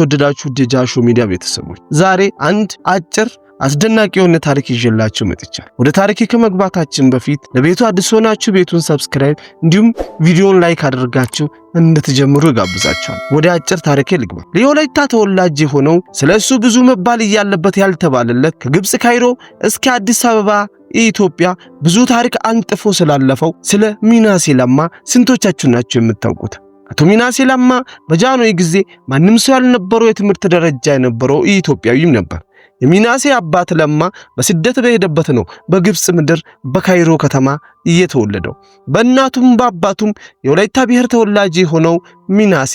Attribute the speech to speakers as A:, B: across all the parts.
A: የተወደዳችሁ ጃሾ ሚዲያ ቤተሰቦች ዛሬ አንድ አጭር አስደናቂ የሆነ ታሪክ ይዤላችሁ መጥቻለሁ። ወደ ታሪክ ከመግባታችን በፊት ለቤቱ አዲስ ሆናችሁ ቤቱን ሰብስክራይብ እንዲሁም ቪዲዮን ላይክ አድርጋችሁ እንድትጀምሩ ጋብዛችኋል። ወደ አጭር ታሪኬ ልግባ። የወላይታ ተወላጅ የሆነው ስለ እሱ ብዙ መባል እያለበት ያልተባለለት ከግብፅ ካይሮ እስከ አዲስ አበባ የኢትዮጵያ ብዙ ታሪክ አንጥፎ ስላለፈው ስለ ሚናሴ ለማ ስንቶቻችሁ ናችሁ የምታውቁት? አቶ ሚናሴ ላማ በጃንሆይ ጊዜ ማንም ሰው ያልነበረው የትምህርት ደረጃ የነበረው ኢትዮጵያዊም ነበር። የሚናሴ አባት ለማ በስደት በሄደበት ነው በግብፅ ምድር በካይሮ ከተማ እየተወለደው። በእናቱም በአባቱም የወላይታ ብሔር ተወላጅ የሆነው ሚናሴ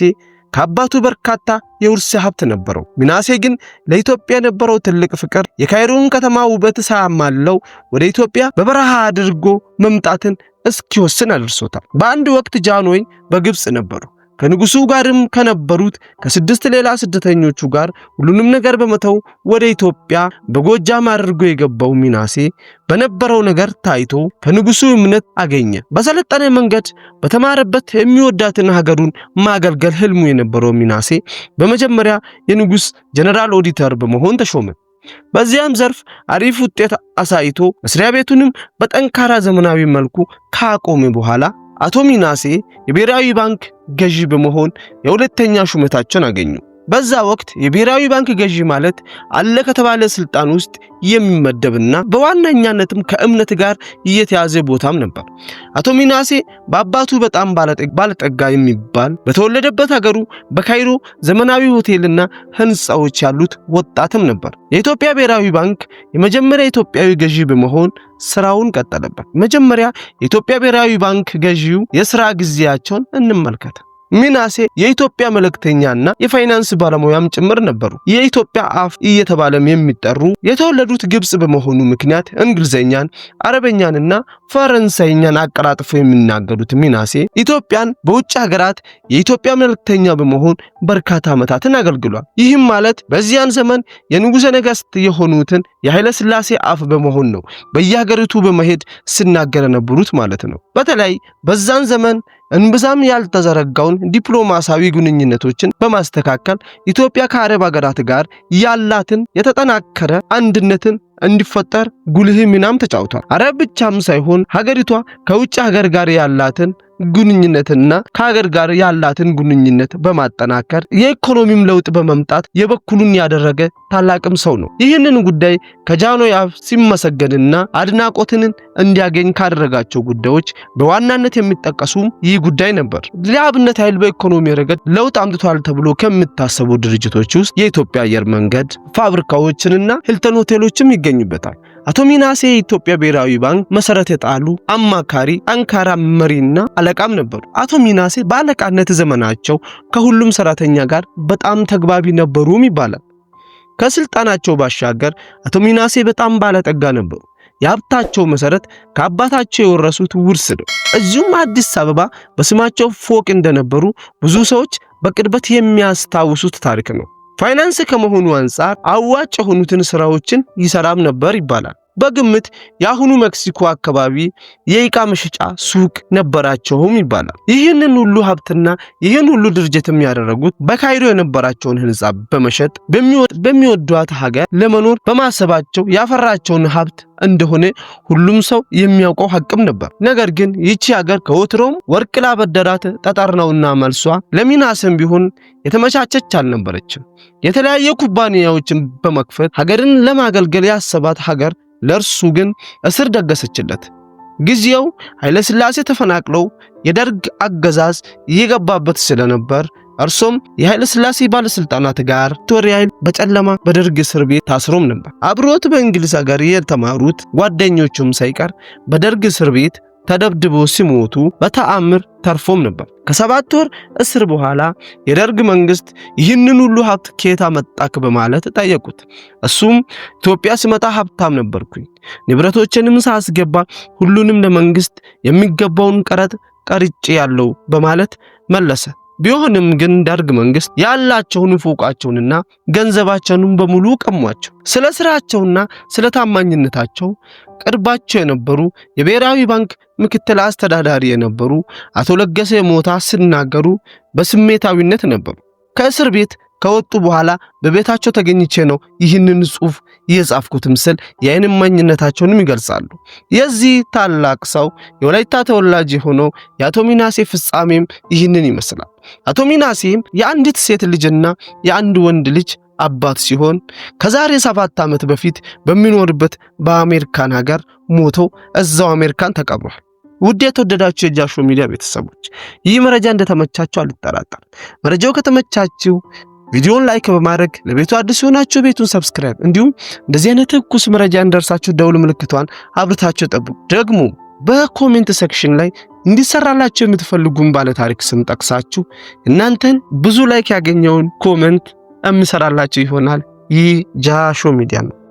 A: ከአባቱ በርካታ የውርስ ሀብት ነበረው። ምናሴ ግን ለኢትዮጵያ የነበረው ትልቅ ፍቅር የካይሮን ከተማ ውበት ሳያማለው ወደ ኢትዮጵያ በበረሃ አድርጎ መምጣትን እስኪወስን አድርሶታል። በአንድ ወቅት ጃንሆይ በግብፅ ነበሩ። ከንጉሱ ጋርም ከነበሩት ከስድስት ሌላ ስደተኞቹ ጋር ሁሉንም ነገር በመተው ወደ ኢትዮጵያ በጎጃም አድርጎ የገባው ሚናሴ በነበረው ነገር ታይቶ ከንጉሱ እምነት አገኘ። በሰለጠነ መንገድ በተማረበት የሚወዳትን ሀገሩን ማገልገል ህልሙ የነበረው ሚናሴ በመጀመሪያ የንጉስ ጀነራል ኦዲተር በመሆን ተሾመ። በዚያም ዘርፍ አሪፍ ውጤት አሳይቶ መስሪያ ቤቱንም በጠንካራ ዘመናዊ መልኩ ካቆመ በኋላ አቶ ሚናሴ የብሔራዊ ባንክ ገዢ በመሆን የሁለተኛ ሹመታቸውን አገኙ። በዛ ወቅት የብሔራዊ ባንክ ገዢ ማለት አለ ከተባለ ስልጣን ውስጥ የሚመደብና በዋነኛነትም ከእምነት ጋር እየተያዘ ቦታም ነበር። አቶ ሚናሴ በአባቱ በጣም ባለጠጋ የሚባል በተወለደበት ሀገሩ በካይሮ ዘመናዊ ሆቴልና ህንፃዎች ያሉት ወጣትም ነበር። የኢትዮጵያ ብሔራዊ ባንክ የመጀመሪያ ኢትዮጵያዊ ገዢ በመሆን ስራውን ቀጠለበት። መጀመሪያ የኢትዮጵያ ብሔራዊ ባንክ ገዢው የስራ ጊዜያቸውን እንመልከት። ሚናሴ የኢትዮጵያ መልእክተኛና የፋይናንስ ባለሙያም ጭምር ነበሩ። የኢትዮጵያ አፍ እየተባለም የሚጠሩ የተወለዱት ግብጽ በመሆኑ ምክንያት እንግሊዘኛን፣ አረበኛንና ፈረንሳይኛን አቀላጥፈው የሚናገሩት ሚናሴ ኢትዮጵያን በውጭ ሀገራት የኢትዮጵያ መልእክተኛ በመሆን በርካታ ዓመታትን አገልግሏል። ይህም ማለት በዚያን ዘመን የንጉሠ ነገሥት የሆኑትን የኃይለ ሥላሴ አፍ በመሆን ነው በየሀገሪቱ በመሄድ ስናገረ ነበሩት ማለት ነው። በተለይ በዛን ዘመን እንብዛም ያልተዘረጋውን ዲፕሎማሲያዊ ግንኙነቶችን በማስተካከል ኢትዮጵያ ከአረብ ሀገራት ጋር ያላትን የተጠናከረ አንድነትን እንዲፈጠር ጉልህ ሚናም ተጫውቷል። አረብ ብቻም ሳይሆን ሀገሪቷ ከውጭ ሀገር ጋር ያላትን ግንኙነትና ከሀገር ጋር ያላትን ግንኙነት በማጠናከር የኢኮኖሚም ለውጥ በመምጣት የበኩሉን ያደረገ ታላቅም ሰው ነው። ይህንን ጉዳይ ከጃኖይ አፍ ሲመሰገንና አድናቆትን እንዲያገኝ ካደረጋቸው ጉዳዮች በዋናነት የሚጠቀሱም ይህ ጉዳይ ነበር። ለአብነት ያህል በኢኮኖሚ ረገድ ለውጥ አምጥቷል ተብሎ ከሚታሰቡ ድርጅቶች ውስጥ የኢትዮጵያ አየር መንገድ ፋብሪካዎችንና ሂልተን ሆቴሎችም ይገኙበታል። አቶ ሚናሴ የኢትዮጵያ ብሔራዊ ባንክ መሰረት የጣሉ አማካሪ፣ አንካራ መሪና አለቃም ነበሩ። አቶ ሚናሴ በአለቃነት ዘመናቸው ከሁሉም ሰራተኛ ጋር በጣም ተግባቢ ነበሩም ይባላል። ከስልጣናቸው ባሻገር አቶ ሚናሴ በጣም ባለጠጋ ነበሩ። የሀብታቸው መሰረት ከአባታቸው የወረሱት ውርስ ነው። እዚሁም አዲስ አበባ በስማቸው ፎቅ እንደነበሩ ብዙ ሰዎች በቅርበት የሚያስታውሱት ታሪክ ነው። ፋይናንስ ከመሆኑ አንጻር አዋጭ የሆኑትን ስራዎችን ይሰራም ነበር ይባላል። በግምት የአሁኑ መክሲኮ አካባቢ የእቃ መሸጫ ሱቅ ነበራቸውም ይባላል። ይህንን ሁሉ ሀብትና ይህን ሁሉ ድርጅት የሚያደረጉት በካይሮ የነበራቸውን ህንፃ በመሸጥ በሚወዷት ሀገር ለመኖር በማሰባቸው ያፈራቸውን ሀብት እንደሆነ ሁሉም ሰው የሚያውቀው ሀቅም ነበር። ነገር ግን ይቺ ሀገር ከወትሮም ወርቅ ላበደራት ጠጠር ነውና መልሷ ለሚናስም ቢሆን የተመቻቸች አልነበረችም። የተለያየ ኩባንያዎችን በመክፈት ሀገርን ለማገልገል ያሰባት ሀገር ለእርሱ ግን እስር ደገሰችለት። ጊዜው ሥላሴ ተፈናቅለው የደርግ አገዛዝ እየገባበት ስለነበር እርሱም የኃይለሥላሴ ባለስልጣናት ጋር ቶሪያይል በጨለማ በደርግ እስር ቤት ታስሮም ነበር። አብሮት በእንግሊዝ ሀገር የተማሩት ጓደኞቹም ሳይቀር በደርግ እስር ቤት ተደብድቦ ሲሞቱ በተአምር ተርፎም ነበር። ከሰባት ወር እስር በኋላ የደርግ መንግስት ይህንን ሁሉ ሀብት ከየት አመጣክ በማለት ጠየቁት። እሱም ኢትዮጵያ ሲመጣ ሀብታም ነበርኩኝ፣ ንብረቶችንም ሳስገባ ሁሉንም ለመንግስት የሚገባውን ቀረጥ ቀርጬ ያለው በማለት መለሰ። ቢሆንም ግን ደርግ መንግስት ያላቸውን ፎቃቸውንና ገንዘባቸውን በሙሉ ቀሟቸው። ስለ ስራቸውና ስለ ታማኝነታቸው ቅርባቸው የነበሩ የብሔራዊ ባንክ ምክትል አስተዳዳሪ የነበሩ አቶ ለገሰ ሞታ ሲናገሩ በስሜታዊነት ነበሩ። ከእስር ቤት ከወጡ በኋላ በቤታቸው ተገኝቼ ነው ይህንን ጽሑፍ የጻፍኩት ስል የዓይን እማኝነታቸውንም ይገልጻሉ። የዚህ ታላቅ ሰው የወላይታ ተወላጅ የሆነው የአቶ ሚናሴ ፍጻሜም ይህንን ይመስላል። አቶ ሚናሴም የአንዲት ሴት ልጅና የአንድ ወንድ ልጅ አባት ሲሆን ከዛሬ ሰባት ዓመት በፊት በሚኖርበት በአሜሪካን ሀገር ሞቶ እዛው አሜሪካን ተቀብሯል። ውድ የተወደዳችሁ የጃሾ ሚዲያ ቤተሰቦች ይህ መረጃ እንደተመቻችሁ አልጠራጠርም። መረጃው ከተመቻችሁ ቪዲዮን ላይክ በማድረግ ለቤቱ አዲስ የሆናችሁ ቤቱን ሰብስክራይብ፣ እንዲሁም እንደዚህ አይነት ትኩስ መረጃ እንደርሳችሁ ደውል ምልክቷን አብርታችሁ ጠብቁ። ደግሞ በኮሜንት ሴክሽን ላይ እንዲሰራላችሁ የምትፈልጉን ባለ ታሪክ ስም ጠቅሳችሁ እናንተን ብዙ ላይክ ያገኘውን ኮሜንት እምሰራላችሁ ይሆናል። ይህ ጃሾ ሚዲያ ነው።